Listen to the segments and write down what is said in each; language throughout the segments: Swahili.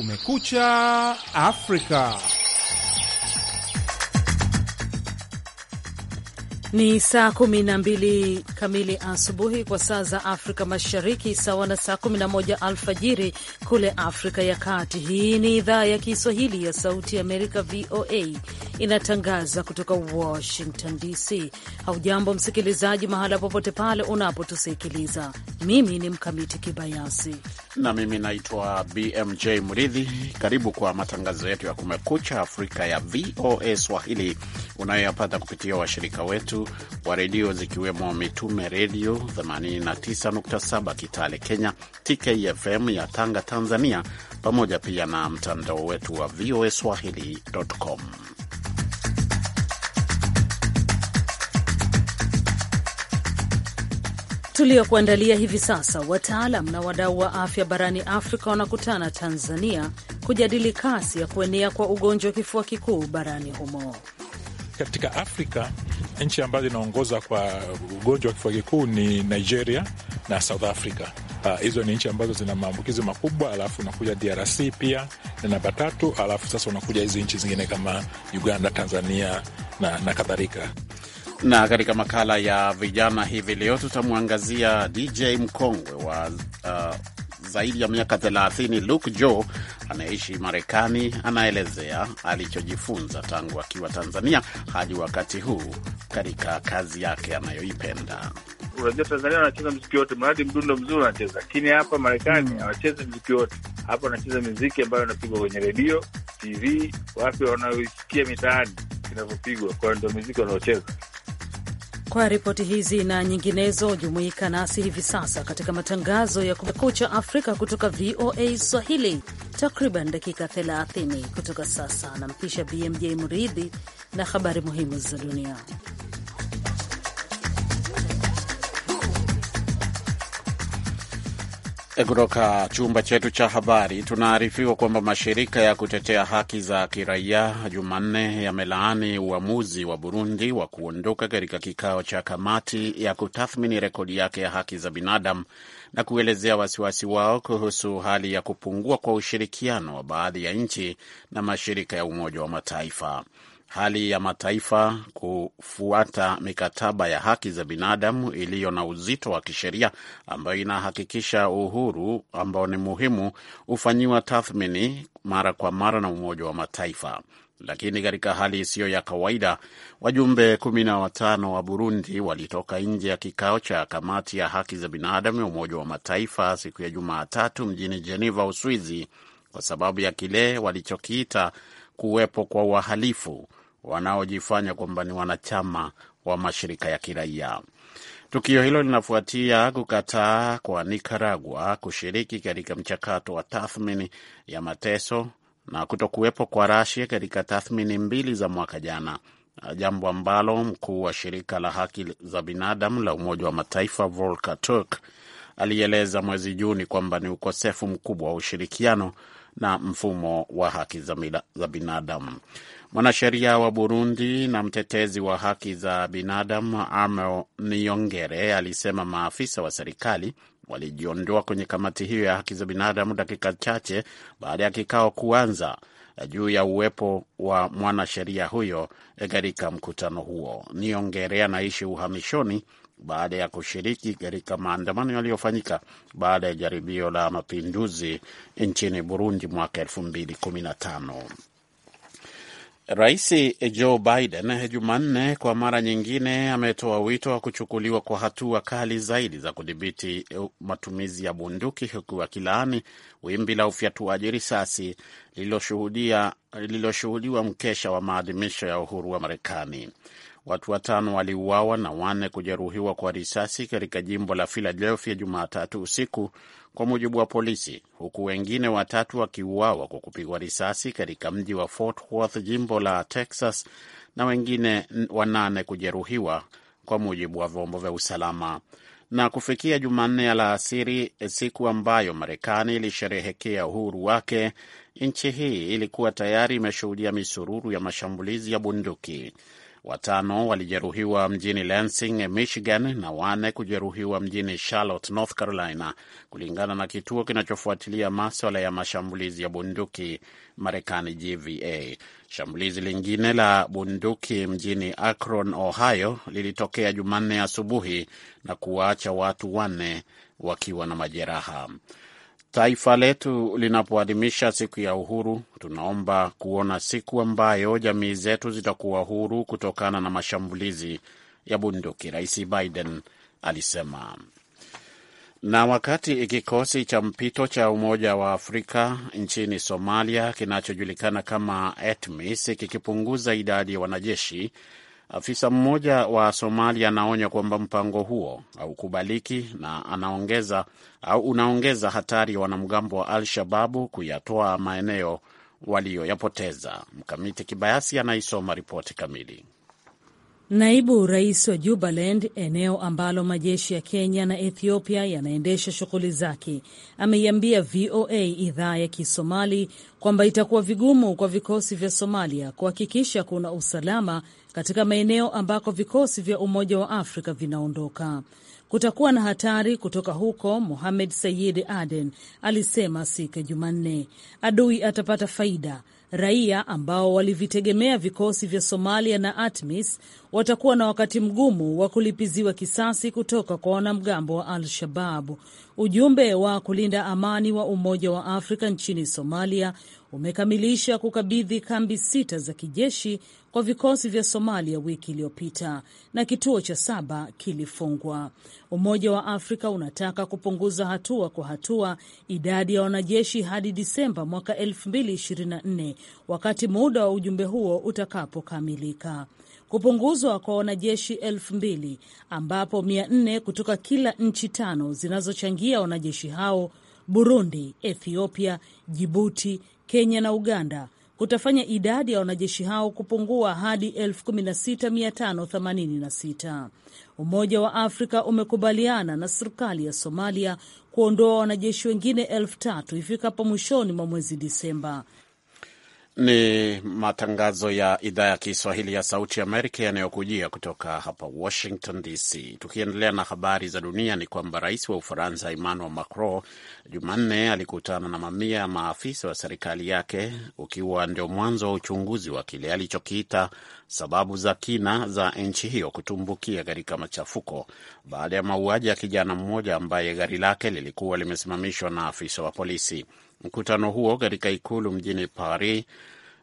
Kumekucha Afrika. Ni saa 12 kamili asubuhi kwa saa za Afrika Mashariki, sawa na saa 11 alfajiri kule Afrika ya Kati. Hii ni idhaa ya Kiswahili ya Sauti ya Amerika, VOA inatangaza kutoka Washington DC. Haujambo msikilizaji, mahala popote pale unapotusikiliza. Mimi ni Mkamiti Kibayasi na mimi naitwa BMJ Mridhi. Karibu kwa matangazo yetu ya Kumekucha Afrika ya VOA Swahili unayoyapata kupitia washirika wetu wa redio zikiwemo Mitume Redio 89.7 Kitale Kenya, TKFM ya Tanga Tanzania, pamoja pia na mtandao wetu wa VOA Swahili.com. tuliyokuandalia hivi sasa. Wataalam na wadau wa afya barani Afrika wanakutana Tanzania kujadili kasi ya kuenea kwa ugonjwa wa kifua kikuu barani humo. Katika Afrika, nchi ambazo inaongoza kwa ugonjwa wa kifua kikuu ni Nigeria na South Africa. Ah, hizo uh, ni nchi ambazo zina maambukizi makubwa, alafu unakuja DRC pia na namba tatu, alafu sasa unakuja hizi nchi zingine kama Uganda, Tanzania na, na kadhalika na katika makala ya vijana hivi leo tutamwangazia DJ mkongwe wa uh, zaidi ya miaka 30 Luke Joe anayeishi Marekani anaelezea alichojifunza tangu akiwa Tanzania hadi wakati huu katika kazi yake anayoipenda. Unajua, Tanzania wanacheza mziki wote, mradi mdundo mzuri anacheza, lakini hapa Marekani hmm. hawachezi mziki wote. Hapa anacheza miziki ambayo anapigwa kwenye redio, TV, wapi wanaoisikia mitaani inavyopigwa, kwa ndo miziki wanaocheza kwa ripoti hizi na nyinginezo, jumuika nasi hivi sasa katika matangazo ya Kumekucha Afrika kutoka VOA Swahili, takriban dakika 30 kutoka sasa. Nampisha BMJ Muridhi na habari muhimu za dunia. Kutoka chumba chetu cha habari tunaarifiwa kwamba mashirika ya kutetea haki za kiraia Jumanne yamelaani uamuzi wa Burundi wa kuondoka katika kikao cha kamati ya kutathmini rekodi yake ya haki za binadamu na kuelezea wasiwasi wao kuhusu hali ya kupungua kwa ushirikiano wa baadhi ya nchi na mashirika ya Umoja wa Mataifa hali ya mataifa kufuata mikataba ya haki za binadamu iliyo na uzito wa kisheria ambayo inahakikisha uhuru ambao ni muhimu hufanyiwa tathmini mara kwa mara na Umoja wa Mataifa. Lakini katika hali isiyo ya kawaida, wajumbe kumi na watano wa Burundi walitoka nje ya kikao cha kamati ya haki za binadamu ya Umoja wa Mataifa siku ya Jumatatu mjini Geneva, Uswizi, kwa sababu ya kile walichokiita kuwepo kwa wahalifu wanaojifanya kwamba ni wanachama wa mashirika ya kiraia. Tukio hilo linafuatia kukataa kwa nikaragua kushiriki katika mchakato wa tathmini ya mateso na kutokuwepo kwa Rasia katika tathmini mbili za mwaka jana, jambo ambalo mkuu wa shirika la haki za binadamu la Umoja wa Mataifa Volker Turk alieleza mwezi Juni kwamba ni ukosefu mkubwa wa ushirikiano na mfumo wa haki za binadamu. Mwanasheria wa Burundi na mtetezi wa haki za binadamu Amo Niongere alisema maafisa wa serikali walijiondoa kwenye kamati hiyo ya haki za binadamu dakika chache baada ya kikao kuanza juu ya uwepo wa mwanasheria huyo katika mkutano huo. Niongere anaishi uhamishoni baada ya kushiriki katika maandamano yaliyofanyika baada ya jaribio la mapinduzi nchini Burundi mwaka el215 Rais eh, Joe Biden eh, Jumanne kwa mara nyingine ametoa wito wa kuchukuliwa kwa hatua kali zaidi za kudhibiti eh, matumizi ya bunduki huku akilaani wimbi la ufyatuaji risasi lililoshuhudiwa mkesha wa maadhimisho ya uhuru wa Marekani. Watu watano waliuawa na wanne kujeruhiwa kwa risasi katika jimbo la Philadelphia Jumatatu usiku kwa mujibu wa polisi, huku wengine watatu wakiuawa kwa kupigwa risasi katika mji wa Fort Worth, jimbo la Texas, na wengine wanane kujeruhiwa kwa mujibu wa vyombo vya usalama. Na kufikia Jumanne alasiri, siku ambayo Marekani ilisherehekea uhuru wake, nchi hii ilikuwa tayari imeshuhudia misururu ya mashambulizi ya bunduki watano walijeruhiwa mjini Lansing, Michigan na wane kujeruhiwa mjini Charlotte, North Carolina, kulingana na kituo kinachofuatilia maswala ya mashambulizi ya bunduki Marekani, GVA. Shambulizi lingine la bunduki mjini Akron, Ohio, lilitokea Jumanne asubuhi na kuwaacha watu wanne wakiwa na majeraha. Taifa letu linapoadhimisha siku ya uhuru, tunaomba kuona siku ambayo jamii zetu zitakuwa huru kutokana na mashambulizi ya bunduki, Rais Biden alisema. Na wakati kikosi cha mpito cha Umoja wa Afrika nchini Somalia kinachojulikana kama ATMIS e kikipunguza idadi ya wanajeshi Afisa mmoja wa Somalia anaonya kwamba mpango huo haukubaliki na anaongeza au unaongeza hatari ya wanamgambo wa Al-Shababu kuyatoa maeneo waliyoyapoteza. Mkamiti Kibayasi anaisoma ripoti kamili. Naibu rais wa Jubaland, eneo ambalo majeshi ya Kenya na Ethiopia yanaendesha shughuli zake, ameiambia VOA idhaa ya Kisomali kwamba itakuwa vigumu kwa vikosi vya Somalia kuhakikisha kuna usalama katika maeneo ambako vikosi vya Umoja wa Afrika vinaondoka. Kutakuwa na hatari kutoka huko, Mohamed Sayid Aden alisema siku ya Jumanne. Adui atapata faida raia ambao walivitegemea vikosi vya Somalia na ATMIS watakuwa na wakati mgumu wa kulipiziwa kisasi kutoka kwa wanamgambo wa al shabab Ujumbe wa kulinda amani wa Umoja wa Afrika nchini Somalia umekamilisha kukabidhi kambi sita za kijeshi kwa vikosi vya Somalia wiki iliyopita na kituo cha saba kilifungwa. Umoja wa Afrika unataka kupunguza hatua kwa hatua idadi ya wanajeshi hadi Disemba mwaka 2024 wakati muda wa ujumbe huo utakapokamilika. Kupunguzwa kwa wanajeshi elfu mbili ambapo mia nne kutoka kila nchi tano zinazochangia wanajeshi hao Burundi, Ethiopia, Jibuti, Kenya na Uganda kutafanya idadi ya wanajeshi hao kupungua hadi 16586. Umoja wa Afrika umekubaliana na serikali ya Somalia kuondoa wanajeshi wengine elfu tatu ifikapo mwishoni mwa mwezi Disemba ni matangazo ya idhaa ya Kiswahili ya Sauti Amerika yanayokujia kutoka hapa Washington DC. Tukiendelea na habari za dunia, ni kwamba rais wa Ufaransa Emmanuel Macron Jumanne alikutana na mamia ya maafisa wa serikali yake, ukiwa ndio mwanzo wa uchunguzi wa kile alichokiita sababu za kina za nchi hiyo kutumbukia katika machafuko baada ya mauaji ya kijana mmoja ambaye gari lake lilikuwa limesimamishwa na afisa wa polisi. Mkutano huo katika ikulu mjini Paris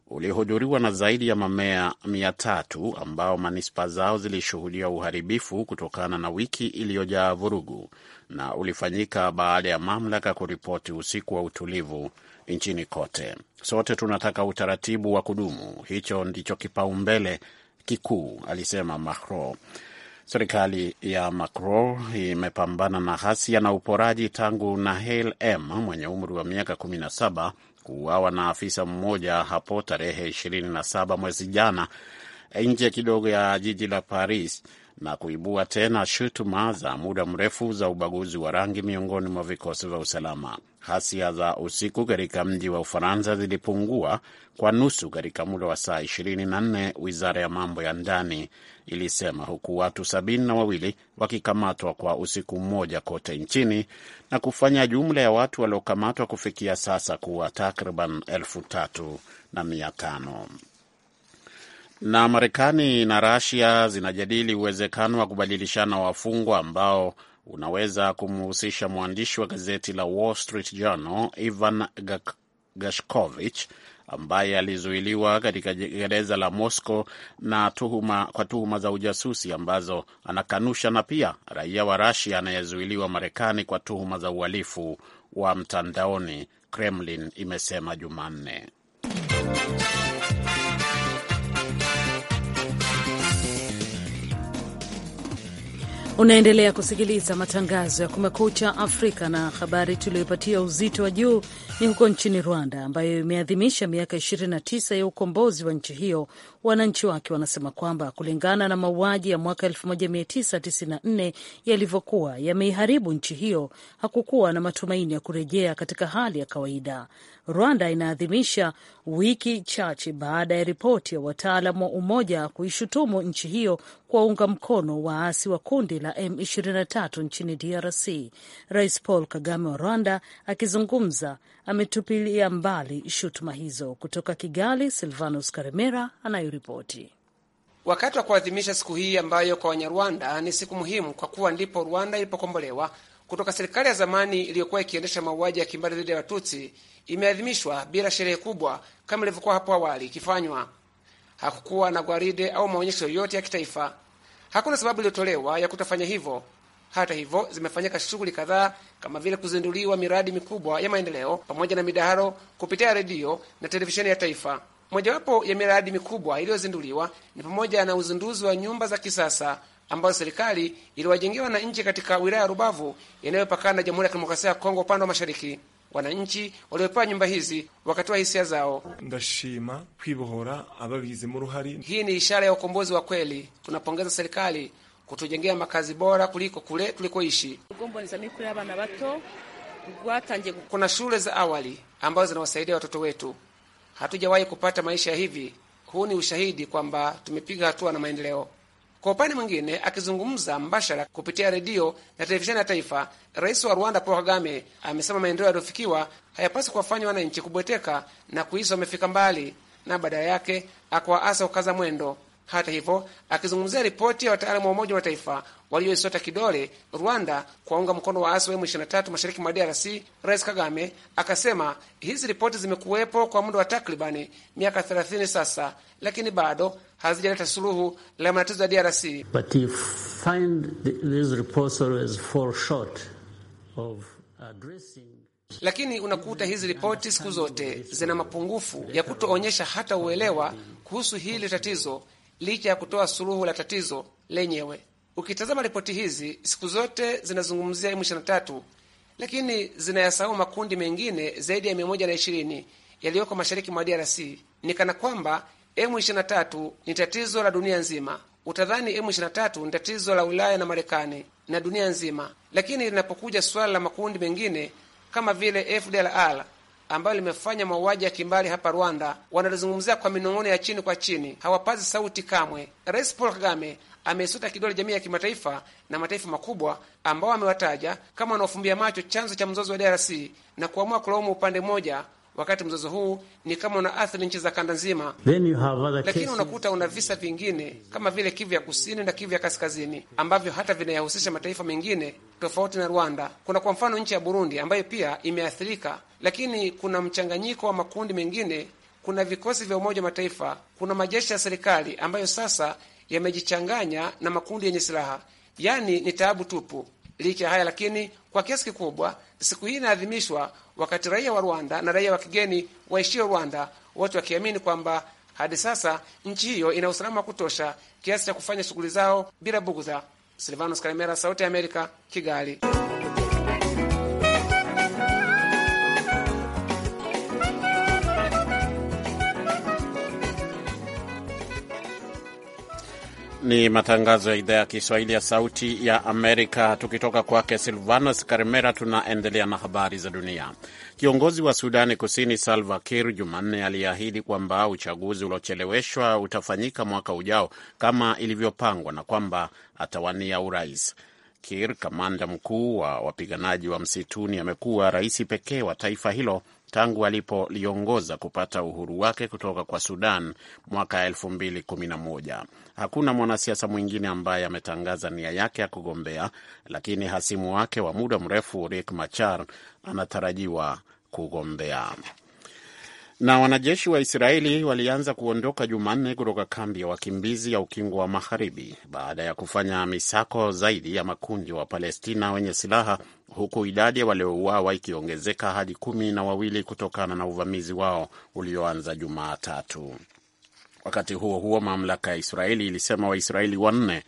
ulihudhuriwa na zaidi ya mamea mia tatu ambao manispa zao zilishuhudia uharibifu kutokana na wiki iliyojaa vurugu na ulifanyika baada ya mamlaka kuripoti usiku wa utulivu nchini kote. Sote tunataka utaratibu wa kudumu, hicho ndicho kipaumbele kikuu, alisema Macron. Serikali ya Macron imepambana na ghasia na uporaji tangu Nahel M mwenye umri wa miaka 17 kuuawa na afisa mmoja hapo tarehe 27 mwezi jana Eh, nje kidogo ya jiji la Paris na kuibua tena shutuma za muda mrefu za ubaguzi wa rangi miongoni mwa vikosi vya usalama. Ghasia za usiku katika mji wa Ufaransa zilipungua kwa nusu katika muda wa saa 24, wizara ya mambo ya ndani ilisema, huku watu sabini na wawili wakikamatwa kwa usiku mmoja kote nchini na kufanya jumla ya watu waliokamatwa kufikia sasa kuwa takriban elfu tatu na mia tano. Na Marekani na Rasia zinajadili uwezekano wa kubadilishana wafungwa ambao unaweza kumhusisha mwandishi wa gazeti la Wall Street Journal Ivan Gashkovich ambaye alizuiliwa katika gereza la Moscow na tuhuma, kwa tuhuma za ujasusi ambazo anakanusha na pia raia wa Rasia anayezuiliwa Marekani kwa tuhuma za uhalifu wa mtandaoni, Kremlin imesema Jumanne. Unaendelea kusikiliza matangazo ya Kumekucha Afrika, na habari tuliyoipatia uzito wa juu ni huko nchini Rwanda, ambayo imeadhimisha miaka 29 ya ukombozi wa nchi hiyo Wananchi wake wanasema kwamba kulingana na mauaji ya mwaka 1994 yalivyokuwa yameiharibu nchi hiyo, hakukuwa na matumaini ya kurejea katika hali ya kawaida. Rwanda inaadhimisha wiki chache baada ya ripoti ya wataalam wa Umoja kuishutumu nchi hiyo kuwaunga mkono waasi wa kundi la M23 nchini DRC. Rais Paul Kagame wa Rwanda akizungumza ametupilia mbali shutuma hizo. Kutoka Kigali, Silvanus Karemera anayo ripoti. Wakati wa kuadhimisha siku hii ambayo kwa Wanyarwanda ni siku muhimu kwa kuwa ndipo Rwanda ilipokombolewa kutoka serikali ya zamani iliyokuwa ikiendesha mauaji ya kimbari dhidi ya Watutsi, imeadhimishwa bila sherehe kubwa kama ilivyokuwa hapo awali ikifanywa. Hakukuwa na gwaride au maonyesho yoyote ya kitaifa. Hakuna sababu iliyotolewa ya kutofanya hivyo. Hata hivyo, zimefanyika shughuli kadhaa kama vile kuzinduliwa miradi mikubwa ya maendeleo pamoja na midaharo kupitia redio na televisheni ya taifa. Mojawapo ya miradi mikubwa iliyozinduliwa ni pamoja na uzinduzi wa nyumba za kisasa ambayo serikali iliwajengewa wananchi katika wilaya ya Rubavu inayopakana na Jamhuri ya Kidemokrasia ya Kongo upande wa mashariki. Wananchi waliopewa nyumba hizi wakatoa hisia zao. ndashima kwibohora ababigizemo uruhare. Hii ni ishara ya ukombozi wa kweli. Tunapongeza serikali kutujengea makazi bora kuliko kule tulikoishi. Kuna shule za awali ambazo zinawasaidia watoto wetu hatujawahi kupata maisha hivi. Huu ni ushahidi kwamba tumepiga hatua na maendeleo. Kwa upande mwingine, akizungumza mbashara kupitia redio na televisheni ya taifa, rais wa Rwanda Paul Kagame amesema maendeleo yaliyofikiwa hayapaswi kuwafanya wananchi kubweteka na kuhisi wamefika mbali, na badala yake akawaasa kukaza mwendo hata hivyo, akizungumzia ripoti ya wataalamu wa Umoja wa Mataifa walioisota kidole Rwanda kuwaunga mkono waasi wa M23 mashariki mwa DRC, Rais Kagame akasema hizi ripoti zimekuwepo kwa muda wa takribani miaka 30 sasa, lakini bado hazijaleta suluhu la matatizo ya DRC. But you find these reports always fall short of addressing lakini unakuta hizi ripoti siku zote zina mapungufu ya kutoonyesha hata uelewa kuhusu hili tatizo licha ya kutoa suluhu la tatizo lenyewe. Ukitazama ripoti hizi siku zote zinazungumzia M23, lakini zinayasahau makundi mengine zaidi ya 120 yaliyoko mashariki mwa DRC. Ni kana kwamba M23 ni tatizo la dunia nzima. Utadhani M23 ni tatizo la Ulaya na Marekani na dunia nzima, lakini linapokuja suala la makundi mengine kama vile FDLR ambayo limefanya mauaji ya kimbali hapa Rwanda wanalizungumzia kwa minong'ono ya chini kwa chini, hawapazi sauti kamwe. Rais Paul Kagame ameisuta kidole jamii ya kimataifa na mataifa makubwa ambao amewataja kama wanaofumbia macho chanzo cha mzozo wa DRC na kuamua kulaumu upande mmoja wakati mzozo huu ni kama una athiri nchi za kanda nzima, lakini unakuta una visa vingine kama vile Kivu ya kusini na Kivu ya kaskazini ambavyo hata vinayahusisha mataifa mengine tofauti na Rwanda. Kuna kwa mfano nchi ya Burundi ambayo pia imeathirika, lakini kuna mchanganyiko wa makundi mengine, kuna vikosi vya Umoja wa Mataifa, kuna majeshi ya serikali ambayo sasa yamejichanganya na makundi yenye silaha. Yani ni taabu tupu. Licha ya haya lakini, kwa kiasi kikubwa siku hii inaadhimishwa wakati raia wa Rwanda na raia wa kigeni waishio Rwanda wote wakiamini kwamba hadi sasa nchi hiyo ina usalama wa kutosha kiasi cha kufanya shughuli zao bila bugudha. Silvanos Kalemera, Sauti ya Amerika, Kigali. Ni matangazo ya idhaa ya Kiswahili ya Sauti ya Amerika. Tukitoka kwake Silvanus Karimera, tunaendelea na habari za dunia. Kiongozi wa Sudani Kusini Salva Kir Jumanne aliyeahidi kwamba uchaguzi uliocheleweshwa utafanyika mwaka ujao kama ilivyopangwa na kwamba atawania urais. kir kamanda mkuu wa wapiganaji wa msituni, amekuwa rais pekee wa taifa hilo tangu alipoliongoza kupata uhuru wake kutoka kwa Sudan mwaka 2011. Hakuna mwanasiasa mwingine ambaye ametangaza nia yake ya kugombea, lakini hasimu wake wa muda mrefu Riek Machar anatarajiwa kugombea. Na wanajeshi wa Israeli walianza kuondoka Jumanne kutoka kambi ya wakimbizi ya Ukingo wa Magharibi baada ya kufanya misako zaidi ya makundi wa Palestina wenye silaha, huku idadi ya waliouawa ikiongezeka hadi kumi na wawili kutokana na uvamizi wao ulioanza Jumatatu. Wakati huo huo, mamlaka ya Israeli ilisema Waisraeli wanne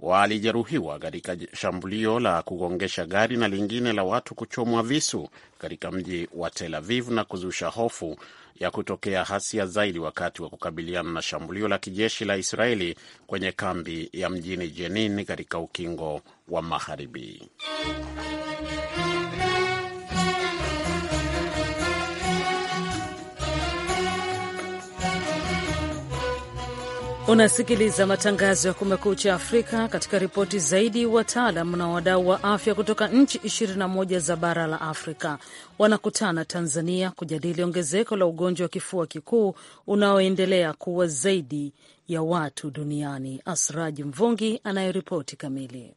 walijeruhiwa katika shambulio la kugongesha gari na lingine la watu kuchomwa visu katika mji wa Tel Aviv na kuzusha hofu ya kutokea hasia zaidi wakati wa kukabiliana na shambulio la kijeshi la Israeli kwenye kambi ya mjini Jenin katika ukingo wa Magharibi. Unasikiliza matangazo ya Kumekucha Afrika. Katika ripoti zaidi, wataalam na wadau wa afya kutoka nchi 21 za bara la Afrika wanakutana Tanzania kujadili ongezeko la ugonjwa wa kifua kikuu unaoendelea kuwa zaidi ya watu duniani. Asraji Mvungi anayeripoti kamili.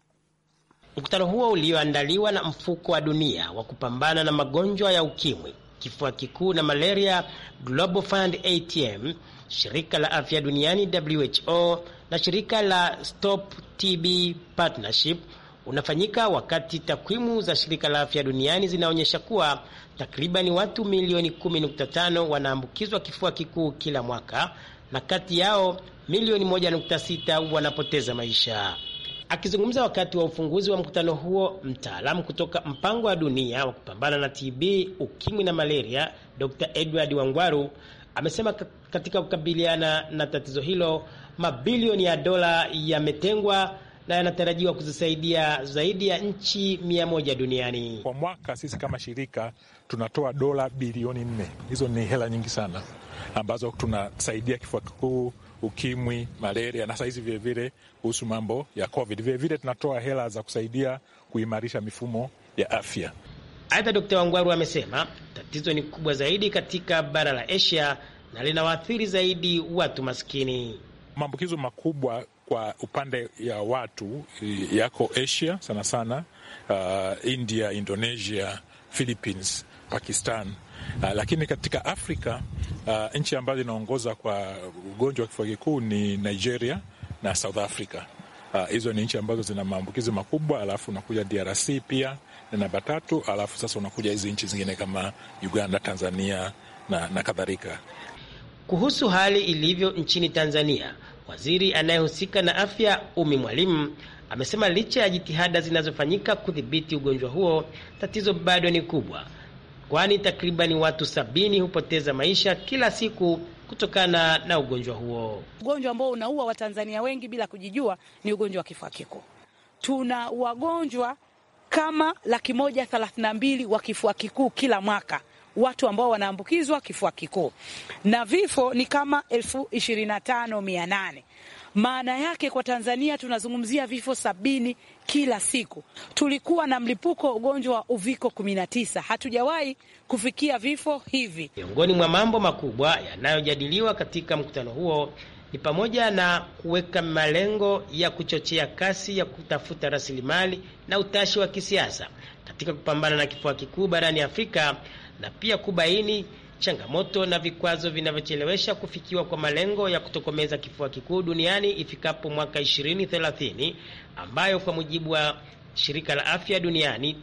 Mkutano huo ulioandaliwa na mfuko wa dunia wa kupambana na magonjwa ya ukimwi, kifua kikuu na malaria, Global Fund ATM shirika la afya duniani WHO na shirika la Stop TB Partnership unafanyika wakati takwimu za shirika la afya duniani zinaonyesha kuwa takribani watu milioni 10.5 wanaambukizwa kifua kikuu kila mwaka na kati yao milioni 1.6 wanapoteza maisha. Akizungumza wakati wa ufunguzi wa mkutano huo, mtaalamu kutoka mpango wa dunia wa kupambana na TB, ukimwi na malaria, Dr. Edward Wangwaru amesema katika kukabiliana na tatizo hilo mabilioni ya dola yametengwa na yanatarajiwa kuzisaidia zaidi ya nchi mia moja duniani. Kwa mwaka sisi kama shirika tunatoa dola bilioni nne. Hizo ni hela nyingi sana ambazo tunasaidia kifua kikuu, ukimwi, malaria na sahizi vilevile kuhusu mambo ya COVID. Vilevile tunatoa hela za kusaidia kuimarisha mifumo ya afya. Aidha, Dr Wangwaru amesema tatizo ni kubwa zaidi katika bara la Asia na linawaathiri zaidi watu maskini. Maambukizo makubwa kwa upande ya watu eh, yako Asia sana sana, uh, India, Indonesia, Philippines, Pakistan. Uh, lakini katika Afrika uh, nchi ambazo inaongoza kwa ugonjwa wa kifua kikuu ni Nigeria na South Africa. Uh, hizo uh, ni nchi ambazo zina maambukizi makubwa, alafu unakuja DRC pia namba tatu, alafu sasa unakuja hizi nchi zingine kama Uganda, Tanzania na, na kadhalika. Kuhusu hali ilivyo nchini Tanzania, waziri anayehusika na afya Umi Mwalimu amesema licha ya jitihada zinazofanyika kudhibiti ugonjwa huo, tatizo bado ni kubwa, kwani takribani watu sabini hupoteza maisha kila siku kutokana na ugonjwa huo, ugonjwa ambao unaua Watanzania wengi bila kujijua ni ugonjwa wa kifua kikuu. Tuna wagonjwa kama laki moja thelathini na mbili wa kifua kikuu kila mwaka watu ambao wanaambukizwa kifua kikuu na vifo ni kama elfu ishirini na tano mia nane. Maana yake kwa Tanzania tunazungumzia vifo sabini kila siku. Tulikuwa na mlipuko wa ugonjwa wa uviko 19, hatujawahi kufikia vifo hivi. Miongoni mwa mambo makubwa yanayojadiliwa katika mkutano huo ni pamoja na kuweka malengo ya kuchochea kasi ya kutafuta rasilimali na utashi wa kisiasa katika kupambana na kifua kikuu barani Afrika na pia kubaini changamoto na vikwazo vinavyochelewesha kufikiwa kwa malengo ya kutokomeza kifua kikuu duniani ifikapo mwaka 2030 ambayo kwa mujibu wa shirika la afya duniani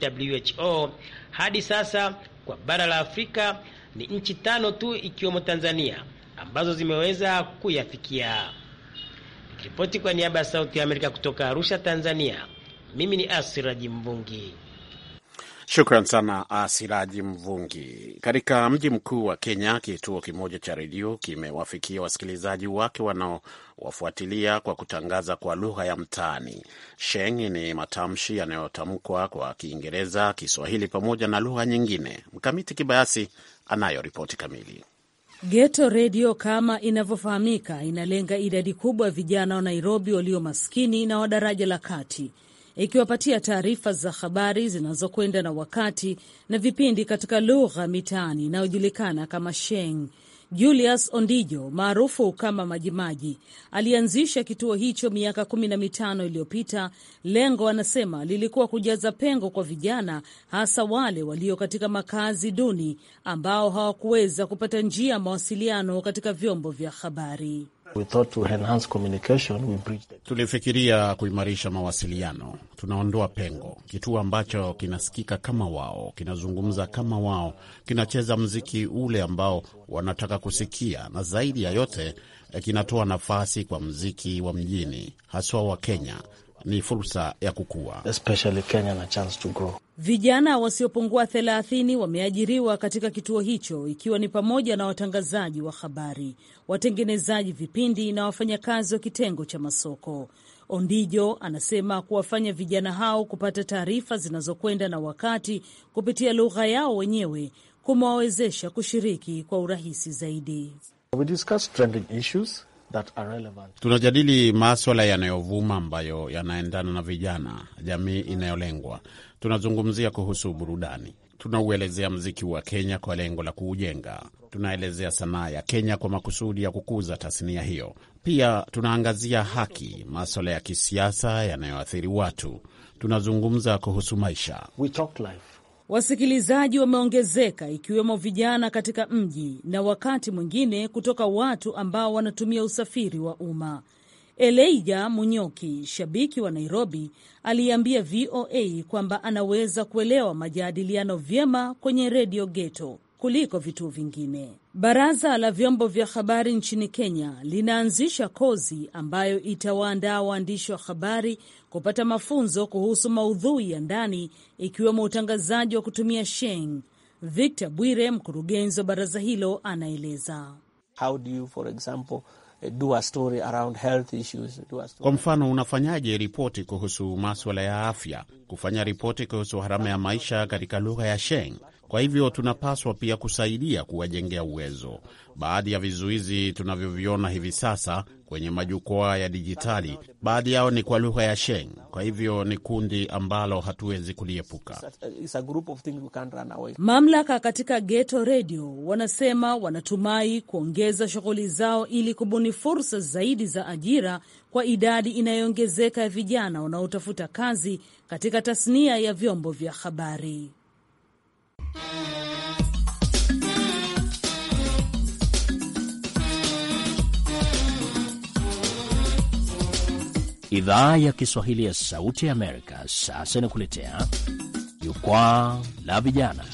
WHO hadi sasa kwa bara la Afrika ni nchi tano tu ikiwemo Tanzania ambazo zimeweza kuyafikia. Nikiripoti kwa niaba ya Sauti ya Amerika kutoka Arusha, Tanzania, mimi ni Asiraji Mvungi. Shukran sana Asiraji Mvungi. Katika mji mkuu wa Kenya, kituo kimoja cha redio kimewafikia wasikilizaji wake wanaowafuatilia kwa kutangaza kwa lugha ya mtaani. Sheng ni matamshi yanayotamkwa kwa Kiingereza, Kiswahili pamoja na lugha nyingine. Mkamiti Kibayasi anayo ripoti kamili. Geto redio kama inavyofahamika, inalenga idadi kubwa ya vijana wa Nairobi walio maskini na wa daraja la kati, ikiwapatia taarifa za habari zinazokwenda na wakati na vipindi katika lugha mitaani inayojulikana kama Sheng Julius Ondijo maarufu kama Majimaji alianzisha kituo hicho miaka kumi na mitano iliyopita. Lengo anasema lilikuwa kujaza pengo kwa vijana, hasa wale walio katika makazi duni ambao hawakuweza kupata njia ya mawasiliano katika vyombo vya habari. Tulifikiria kuimarisha mawasiliano, tunaondoa pengo. Kituo ambacho kinasikika kama wao, kinazungumza kama wao, kinacheza mziki ule ambao wanataka kusikia, na zaidi ya yote eh, kinatoa nafasi kwa mziki wa mjini, haswa wa Kenya ni fursa ya kukua. Vijana wasiopungua thelathini wameajiriwa katika kituo hicho ikiwa ni pamoja na watangazaji wa habari, watengenezaji vipindi na wafanyakazi wa kitengo cha masoko. Ondijo anasema kuwafanya vijana hao kupata taarifa zinazokwenda na wakati kupitia lugha yao wenyewe kumewawezesha kushiriki kwa urahisi zaidi. We that are relevant. Tunajadili maswala yanayovuma ambayo yanaendana na vijana, jamii inayolengwa. Tunazungumzia kuhusu burudani, tunauelezea mziki wa Kenya kwa lengo la kuujenga, tunaelezea sanaa ya Kenya kwa makusudi ya kukuza tasnia hiyo. Pia tunaangazia haki, maswala ya kisiasa yanayoathiri watu. Tunazungumza kuhusu maisha. We talk life. Wasikilizaji wameongezeka ikiwemo vijana katika mji na wakati mwingine kutoka watu ambao wanatumia usafiri wa umma. Eleija Munyoki, shabiki wa Nairobi, aliambia VOA kwamba anaweza kuelewa majadiliano vyema kwenye redio Geto kuliko vituo vingine. Baraza la vyombo vya habari nchini Kenya linaanzisha kozi ambayo itawaandaa waandishi wa habari kupata mafunzo kuhusu maudhui ya ndani, ikiwemo utangazaji wa kutumia Sheng. Victor Bwire, mkurugenzi wa baraza hilo, anaeleza. How do you, for example, do a story around health issues? Do a story. Kwa mfano, unafanyaje ripoti kuhusu maswala ya afya? Kufanya ripoti kuhusu gharama ya maisha katika lugha ya Sheng kwa hivyo tunapaswa pia kusaidia kuwajengea uwezo. Baadhi ya vizuizi tunavyoviona hivi sasa kwenye majukwaa ya dijitali, baadhi yao ni kwa lugha ya Sheng. Kwa hivyo ni kundi ambalo hatuwezi kuliepuka. Mamlaka katika Geto Redio wanasema wanatumai kuongeza shughuli zao ili kubuni fursa zaidi za ajira kwa idadi inayoongezeka ya vijana wanaotafuta kazi katika tasnia ya vyombo vya habari. Idhaa ya Kiswahili ya Sauti ya Amerika sasa inakuletea Jukwaa la Vijana.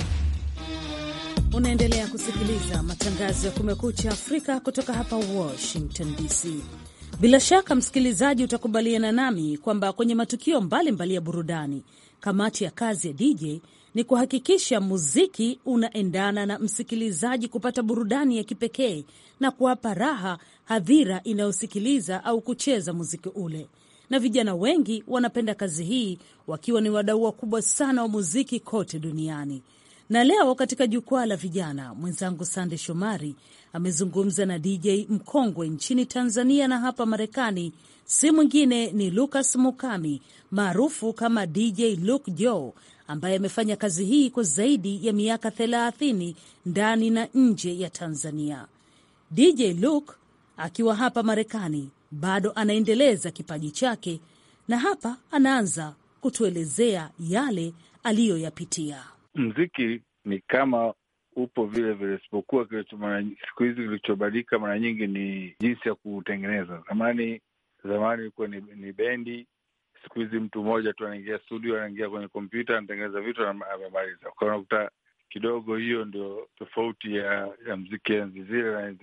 Unaendelea kusikiliza matangazo ya Kumekucha Afrika kutoka hapa Washington DC. Bila shaka, msikilizaji, utakubaliana nami kwamba kwenye matukio mbalimbali mbali ya burudani, kamati ya kazi ya DJ ni kuhakikisha muziki unaendana na msikilizaji kupata burudani ya kipekee na kuwapa raha hadhira inayosikiliza au kucheza muziki ule na vijana wengi wanapenda kazi hii wakiwa ni wadau wakubwa sana wa muziki kote duniani. Na leo katika jukwaa la vijana, mwenzangu Sande Shomari amezungumza na DJ mkongwe nchini Tanzania na hapa Marekani, si mwingine ni Lucas Mukami maarufu kama DJ Luke Joe ambaye amefanya kazi hii kwa zaidi ya miaka 30 ndani na nje ya Tanzania. DJ Luke akiwa hapa Marekani bado anaendeleza kipaji chake, na hapa anaanza kutuelezea yale aliyoyapitia. Mziki ni kama upo vile vile, isipokuwa siku hizi kilichobadilika mara nyingi ni jinsi ya kutengeneza. Zamani zamani ilikuwa ni, ni bendi. Siku hizi mtu mmoja tu anaingia studio, anaingia kwenye kompyuta, anatengeneza vitu, amemaliza. Kwa unakuta kidogo hiyo ndio tofauti ya, ya mziki ya enzi zile na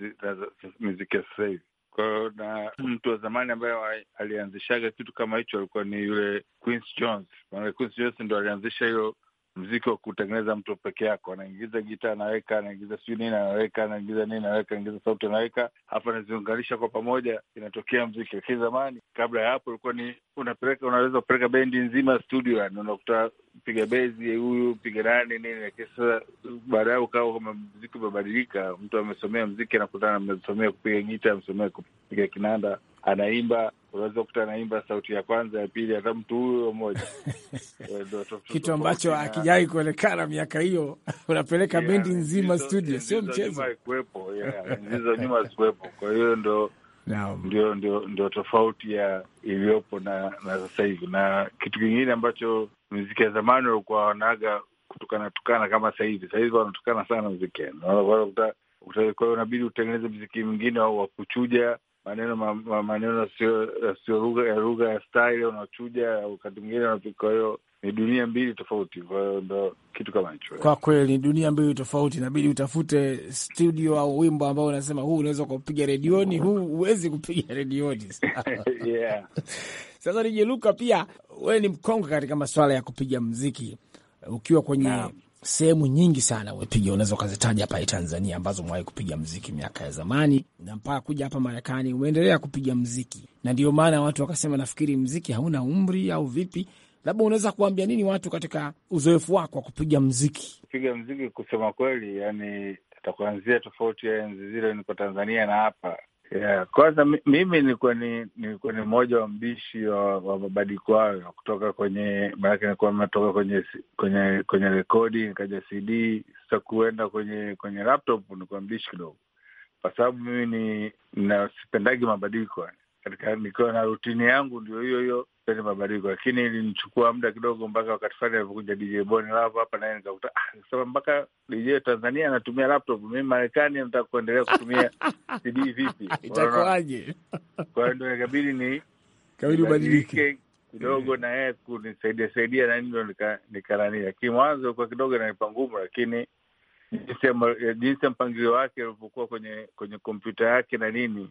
miziki ya sasa hivi. Kwa hiyo na mtu wa zamani ambaye alianzishaga kitu kama hicho alikuwa ni yule Quincy Jones, maana Quincy Jones ndo alianzisha hiyo mziki wa kutengeneza mtu peke yako, anaingiza gitaa, anaweka anaingiza sijui nini, anaweka anaingiza nini, anaweka anaingiza sauti, anaweka hapa, anaziunganisha kwa pamoja, inatokea mziki. Lakini zamani kabla ya hapo ulikuwa ni unapeleka, unaweza kupeleka bendi nzima studio, yani unakuta piga bezi eh, huyu piga nani nini, lakini sasa baadaye ukawa kama mziki umebadilika. Mtu amesomea mziki anakutana, amesomea kupiga gita, amesomea kupiga kinanda, anaimba unaweza kukuta anaimba sauti ya kwanza ya pili, hata mtu huyo mmoja eh, kitu ambacho akijai kuonekana miaka hiyo. Unapeleka bendi nzima studio, sio mchezo, kuwepo hizo nyuma zikuwepo. Kwa hiyo ndo ndio ndio tofauti ya iliyopo na na sasa hivi. Na kitu kingine ambacho miziki ya zamani walikuwa wanaaga kutukana tukana kama sahivi. Sahivi wanatukana sana mziki, kwa hiyo unabidi utengeneze mziki mwingine au wakuchuja maneno maneno yasiyo ya lugha ya style, unachuja wakati mwingine. Kwa hiyo ni dunia mbili tofauti, kwa hiyo ndo kitu kama hicho. Kwa kweli ni dunia mbili tofauti, inabidi utafute studio au wimbo ambao unasema huu unaweza kupiga redioni, huu huwezi kupiga redioni. Sasa nijeluka pia we ni mkongwe katika masuala ya kupiga mziki ukiwa kwenye sehemu nyingi sana umepiga, unaweza ukazitaja hapa Tanzania ambazo umewahi kupiga mziki miaka ya zamani, na mpaka kuja hapa Marekani umeendelea kupiga mziki, na ndio maana watu wakasema, nafikiri mziki hauna umri au vipi? Labda unaweza kuambia nini watu katika uzoefu wako wa kupiga mziki? Kupiga mziki, kusema kweli, yani takuanzia tofauti ya enzi zile niko Tanzania na hapa Yeah, kwanza mimi nilikuwa ni nilikuwa ni mmoja wa mbishi wa, wa mabadiliko hayo kutoka kwenye maanake nilikuwa natoka kwenye kwenye kwenye rekodi nikaja CD sasa kuenda kwenye kwenye laptop nilikuwa mbishi kidogo, kwa sababu mimi ni nasipendagi mabadiliko yani katika nikiwa na rutini yangu ndio hiyo hiyo pete mabadiliko, lakini ilinichukua muda kidogo, mpaka wakati fulani alivyokuja DJ Boni Lavo hapa, naye nikakuta ah, sema mpaka DJ Tanzania anatumia laptop, mimi Marekani nataka kuendelea kutumia CD vipi, itakuwaje? Kwa hiyo ndio ikabidi ni kabidi ubadilike kidogo mm. na yeye kunisaidia saidia na ndio nikarania, lakini mwanzo kwa kidogo inanipa ngumu, lakini jinsi ya mpangilio wake alivyokuwa kwenye kwenye kompyuta yake na nini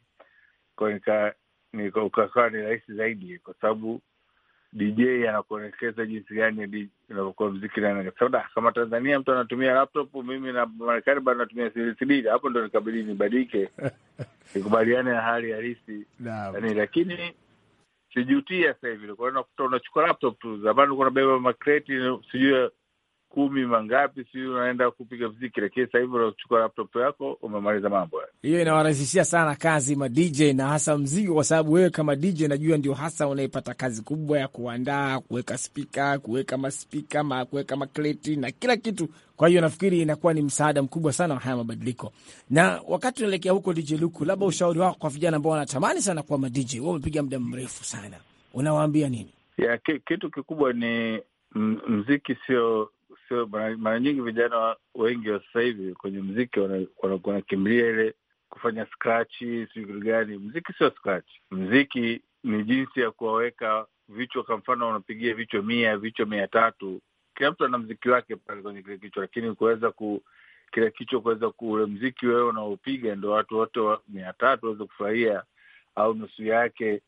kwa nika ni ukakaa ni rahisi zaidi, kwa sababu DJ anakuelekeza jinsi gani unavyokuwa mziki na sababu, ah, kama Tanzania mtu anatumia laptop, mimi na Marekani bado natumia CD. Hapo ndo nikabidi nibadilike nikubaliane na hali halisi yani, lakini sijutia sasa hivi. unachukua laptop tu, zamani ulikuwa unabeba makreti sijui kumi mangapi, si unaenda kupiga mziki, lakini sasa hivi unachukua laptop yako umemaliza mambo. hayo. Hiyo inawarahisishia sana kazi ma DJ na hasa mziki, kwa sababu wewe kama DJ najua ndio hasa unaipata kazi kubwa ya kuandaa, kuweka spika, kuweka maspika ma, kuweka makleti na kila kitu. Kwa hiyo nafikiri inakuwa ni msaada mkubwa sana wa haya mabadiliko. Na wakati unaelekea huko, DJ Luku, labda ushauri wako kwa vijana ambao wanatamani sana kuwa ma DJ, wewe umepiga muda mrefu sana, unawaambia nini? Ya, kitu kikubwa ni mziki sio sio mara nyingi. Vijana wengi wa sasa hivi kwenye mziki wanakimbilia ile kufanya skrachi, sijui kitu gani. Mziki sio skrachi, mziki ni jinsi ya kuwaweka vichwa. Kwa mfano, wanapigia vichwa mia, vichwa mia tatu, kila mtu ana mziki wake pale kwenye kile kichwa, lakini kuweza ku kila kichwa kuweza kuule mziki wewe unaopiga ndo watu wote wa mia tatu waweze kufurahia au nusu yake,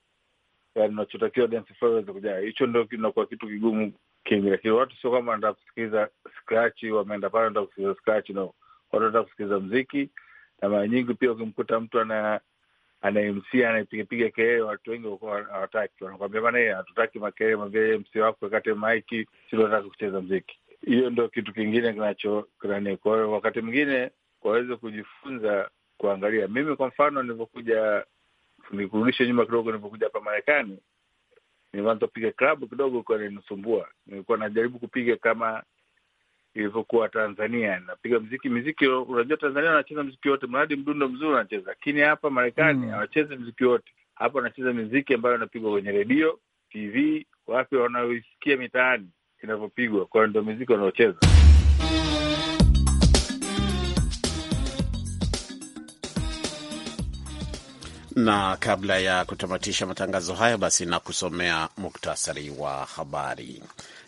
yani unachotakiwa dance floor waweze kujaa. Hicho ndo kinakuwa kitu kigumu Kiingereza. Watu sio kama wanataka kusikiliza skrachi, wameenda pale wanataka kusikiliza skrachi, no. Watu wanataka kusikiliza mziki, na mara nyingi pia ukimkuta mtu ana anaemsia anaipigapiga kelele, watu wengi walikuwa hawataki, wanakwambia bana, yeye eh, hatutaki makelele, mwambia yeye eh, msi wako akate maiki, si tunataka kucheza mziki. Hiyo ndo kitu kingine kinacho kinani. Kwa hiyo wakati mwingine waweze kujifunza kuangalia. Mimi kwa mfano, nilivyokuja, nikurudishe nyuma kidogo, nilivyokuja hapa Marekani nilianza kupiga klabu kidogo, ilikuwa inanisumbua. Nilikuwa najaribu kupiga kama ilivyokuwa Tanzania, napiga mziki mziki. Unajua Tanzania wanacheza mziki wote, mradi mdundo mzuri anacheza lakini hapa Marekani mm. hawachezi mm. mziki wote. Hapa wanacheza miziki ambayo anapigwa kwenye redio, TV, wapi wanaoisikia mitaani inavyopigwa, kwayo ndo miziki wanaocheza na kabla ya kutamatisha matangazo haya, basi nakusomea muktasari wa habari.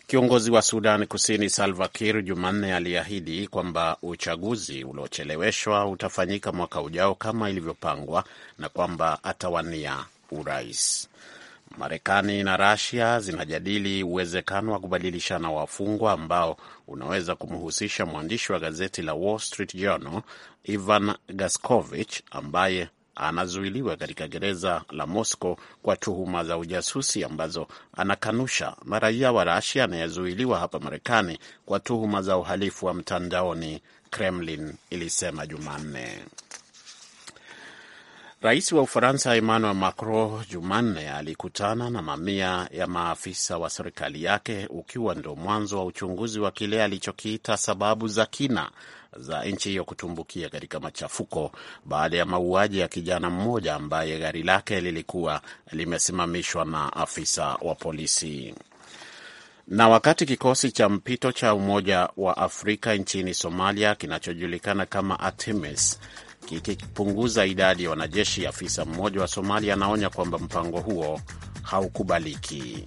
Kiongozi wa Sudan Kusini Salva Kiir Jumanne aliahidi kwamba uchaguzi uliocheleweshwa utafanyika mwaka ujao kama ilivyopangwa na kwamba atawania urais. Marekani na Rasia zinajadili uwezekano wa kubadilishana wafungwa ambao unaweza kumhusisha mwandishi wa gazeti la Wall Street Journal Ivan Gaskovich ambaye anazuiliwa katika gereza la Moscow kwa tuhuma za ujasusi ambazo anakanusha, na raia wa Rasia anayezuiliwa hapa Marekani kwa tuhuma za uhalifu wa mtandaoni, Kremlin ilisema Jumanne. Rais wa Ufaransa Emmanuel Macron Jumanne alikutana na mamia ya maafisa wa serikali yake ukiwa ndio mwanzo wa uchunguzi wa kile alichokiita sababu za kina za nchi hiyo kutumbukia katika machafuko baada ya mauaji ya kijana mmoja ambaye gari lake lilikuwa limesimamishwa na afisa wa polisi. Na wakati kikosi cha mpito cha Umoja wa Afrika nchini Somalia kinachojulikana kama ATMIS kikipunguza idadi ya wanajeshi, afisa mmoja wa Somalia anaonya kwamba mpango huo haukubaliki.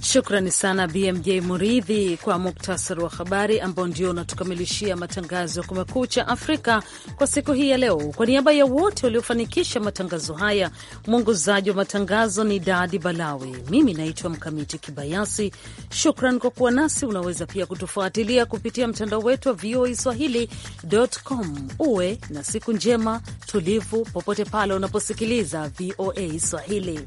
Shukrani sana BMJ Muridhi kwa muktasari wa habari ambao ndio unatukamilishia matangazo ya Kumekucha Afrika kwa siku hii ya leo. Kwa niaba ya wote waliofanikisha matangazo haya, mwongozaji wa matangazo ni Dadi Balawi, mimi naitwa Mkamiti Kibayasi. Shukran kwa kuwa nasi. Unaweza pia kutufuatilia kupitia mtandao wetu wa VOA Swahili.com. Uwe na siku njema tulivu, popote pale unaposikiliza VOA Swahili.